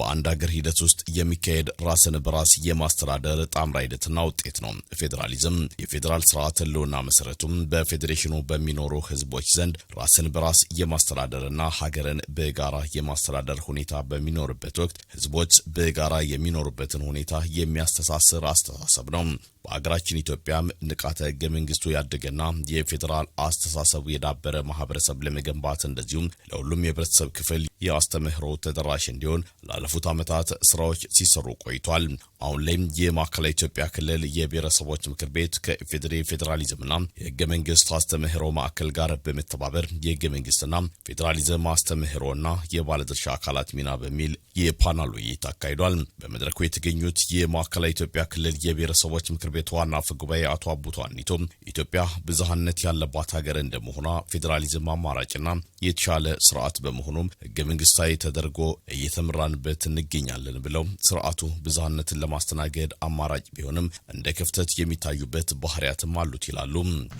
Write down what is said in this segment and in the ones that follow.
በአንድ ሀገር ሂደት ውስጥ የሚካሄድ ራስን በራስ የማስተዳደር ጣምራ ሂደትና ውጤት ነው። ፌዴራሊዝም የፌዴራል ስርዓት ህልውና መሰረቱም በፌዴሬሽኑ በሚኖሩ ህዝቦች ዘንድ ራስን በራስ የማስተዳደርና ሀገርን በጋራ የማስተዳደር ሁኔታ በሚኖርበት ወቅት ህዝቦች በጋራ የሚኖሩበትን ሁኔታ የሚያስተሳስር አስተሳሰብ ነው። በሀገራችን ኢትዮጵያም ንቃተ ህገ መንግስቱ ያደገና የፌዴራል አስተሳሰቡ የዳበረ ማህበረሰብ ለመገንባት እንደዚሁም ለሁሉም የህብረተሰብ ክፍል የአስተምህሮ ተደራሽ እንዲሆን ላለፉት ዓመታት ስራዎች ሲሰሩ ቆይቷል። አሁን ላይም የማዕከላዊ ኢትዮጵያ ክልል የብሔረሰቦች ምክር ቤት ከኢፌዴሪ ፌዴራሊዝምና የህገ መንግስት አስተምህሮ ማዕከል ጋር በመተባበር የህገ መንግስትና ፌዴራሊዝም አስተምህሮና የባለድርሻ አካላት ሚና በሚል የፓናል ውይይት አካሂዷል። በመድረኩ የተገኙት የማዕከላዊ ኢትዮጵያ ክልል የብሔረሰቦች ምክር ቤት ቤት ዋና አፈ ጉባኤ አቶ አቡቶ አኒቶ ኢትዮጵያ ብዝሃነት ያለባት ሀገር እንደመሆኗ ፌዴራሊዝም አማራጭና የተሻለ ስርዓት በመሆኑም ህገ መንግስታዊ ተደርጎ እየተመራንበት እንገኛለን ብለው ስርዓቱ ብዝሃነትን ለማስተናገድ አማራጭ ቢሆንም እንደ ክፍተት የሚታዩበት ባህሪያትም አሉት ይላሉ።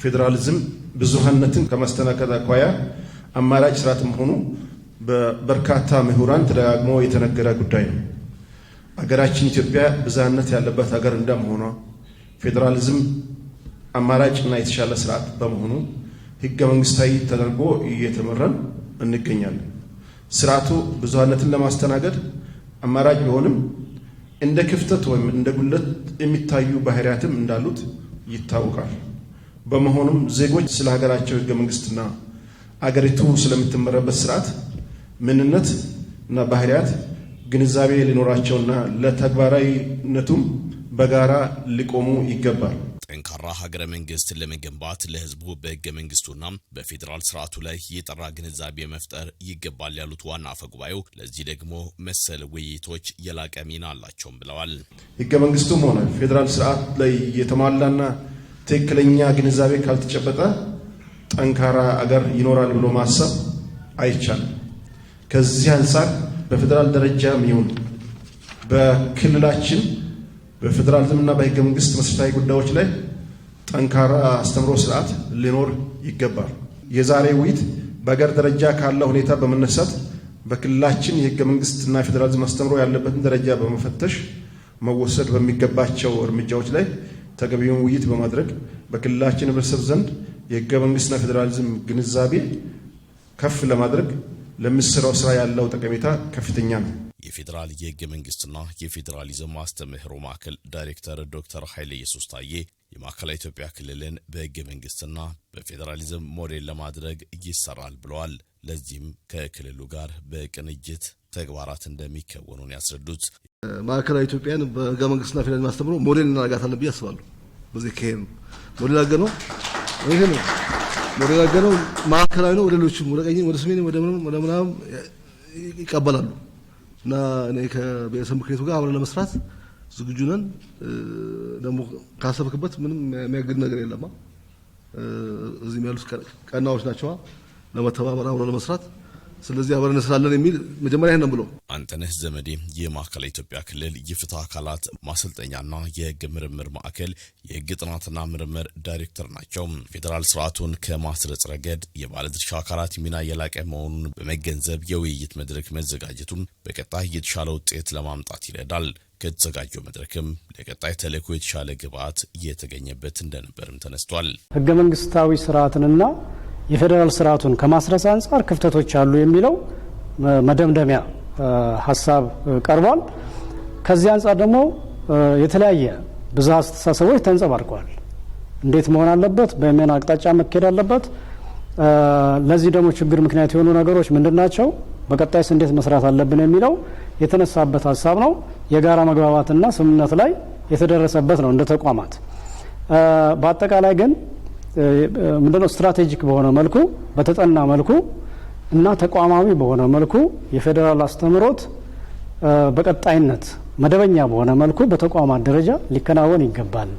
ፌዴራሊዝም ብዙሃነትን ከማስተናገድ አኳያ አማራጭ ስርዓት መሆኑ በበርካታ ምሁራን ተደጋግሞ የተነገረ ጉዳይ ነው። ሀገራችን ኢትዮጵያ ብዝሃነት ያለባት ሀገር እንደመሆኗ ፌዴራሊዝም አማራጭ እና የተሻለ ስርዓት በመሆኑ ህገ መንግስታዊ ተደርጎ እየተመረን እንገኛለን። ስርዓቱ ብዙሃነትን ለማስተናገድ አማራጭ ቢሆንም እንደ ክፍተት ወይም እንደ ጉድለት የሚታዩ ባህሪያትም እንዳሉት ይታወቃል። በመሆኑም ዜጎች ስለ ሀገራቸው ህገ መንግስትና አገሪቱ ስለምትመራበት ስርዓት ምንነት እና ባህሪያት ግንዛቤ ሊኖራቸውና ለተግባራዊነቱም በጋራ ሊቆሙ ይገባል። ጠንካራ ሀገረ መንግስት ለመገንባት ለህዝቡ በህገ መንግስቱና በፌዴራል ስርዓቱ ላይ የጠራ ግንዛቤ መፍጠር ይገባል ያሉት ዋና አፈጉባኤው ለዚህ ደግሞ መሰል ውይይቶች የላቀ ሚና አላቸውም ብለዋል። ህገ መንግስቱም ሆነ ፌዴራል ስርዓት ላይ የተሟላና ትክክለኛ ግንዛቤ ካልተጨበጠ ጠንካራ አገር ይኖራል ብሎ ማሰብ አይቻልም። ከዚህ አንጻር በፌዴራል ደረጃም ይሁን በክልላችን በፌዴራሊዝምና በህገ መንግስት መሰረታዊ ጉዳዮች ላይ ጠንካራ አስተምሮ ስርዓት ሊኖር ይገባል። የዛሬ ውይይት በሀገር ደረጃ ካለ ሁኔታ በመነሳት በክልላችን የህገ መንግስትና የፌዴራሊዝም አስተምሮ ያለበትን ደረጃ በመፈተሽ መወሰድ በሚገባቸው እርምጃዎች ላይ ተገቢውን ውይይት በማድረግ በክልላችን ህብረተሰብ ዘንድ የህገ መንግስትና ፌዴራሊዝም ግንዛቤ ከፍ ለማድረግ ለምስራው ስራ ያለው ጠቀሜታ ከፍተኛ ነው። የፌዴራል የህገ መንግስትና የፌዴራሊዝም ማስተምህሮ ማዕከል ዳይሬክተር ዶክተር ኃይለ ኢየሱስ ታዬ የማዕከላዊ ኢትዮጵያ ክልልን በህገ መንግስትና በፌዴራሊዝም ሞዴል ለማድረግ ይሰራል ብለዋል። ለዚህም ከክልሉ ጋር በቅንጅት ተግባራት እንደሚከወኑን ያስረዱት ማዕከላዊ ኢትዮጵያን በህገ መንግስትና ፌዴራሊዝም ማስተምሮ ሞዴል እናደርጋታለን ብዬ አስባለሁ። በዚህ ከሄም ሞዴል አገ ነው ይህ ነው ሞዴል አገ ነው ማዕከላዊ ነው። ወደ ሌሎችም ወደ ቀኝም ወደ ስሜን ወደ ምናምን ይቀበላሉ። እና እኔ ከብሔረሰብ ምክር ቤቱ ጋር አብረን ለመስራት ዝግጁ ነን። ደግሞ ካሰብክበት ምንም የሚያግድ ነገር የለማ። እዚህም ያሉት ቀናዎች ናቸዋ። ለመተባበር አብረን ለመስራት ስለዚህ አብረን እንሰራለን የሚል መጀመሪያ ይህን ብሎ አንተነህ ዘመዴ የማዕከላዊ ኢትዮጵያ ክልል የፍትህ አካላት ማሰልጠኛና የህግ ምርምር ማዕከል የህግ ጥናትና ምርምር ዳይሬክተር ናቸው። ፌዴራል ስርዓቱን ከማስረጽ ረገድ የባለድርሻ አካላት ሚና የላቀ መሆኑን በመገንዘብ የውይይት መድረክ መዘጋጀቱም በቀጣይ የተሻለ ውጤት ለማምጣት ይረዳል። ከተዘጋጀው መድረክም ለቀጣይ ተልእኮ የተሻለ ግብዓት እየተገኘበት እንደነበርም ተነስቷል። ህገ መንግስታዊ ስርዓትንና የፌዴራል ስርዓቱን ከማስረስ አንጻር ክፍተቶች አሉ የሚለው መደምደሚያ ሀሳብ ቀርቧል። ከዚህ አንጻር ደግሞ የተለያየ ብዝሃ አስተሳሰቦች ተንጸባርቀዋል። እንዴት መሆን አለበት፣ በምን አቅጣጫ መካሄድ አለበት፣ ለዚህ ደግሞ ችግር ምክንያት የሆኑ ነገሮች ምንድን ናቸው፣ በቀጣይስ እንዴት መስራት አለብን የሚለው የተነሳበት ሀሳብ ነው። የጋራ መግባባትና ስምምነት ላይ የተደረሰበት ነው እንደ ተቋማት በአጠቃላይ ግን ምንድነው ስትራቴጂክ በሆነ መልኩ በተጠና መልኩ እና ተቋማዊ በሆነ መልኩ የፌዴራል አስተምሮት በቀጣይነት መደበኛ በሆነ መልኩ በተቋማት ደረጃ ሊከናወን ይገባል።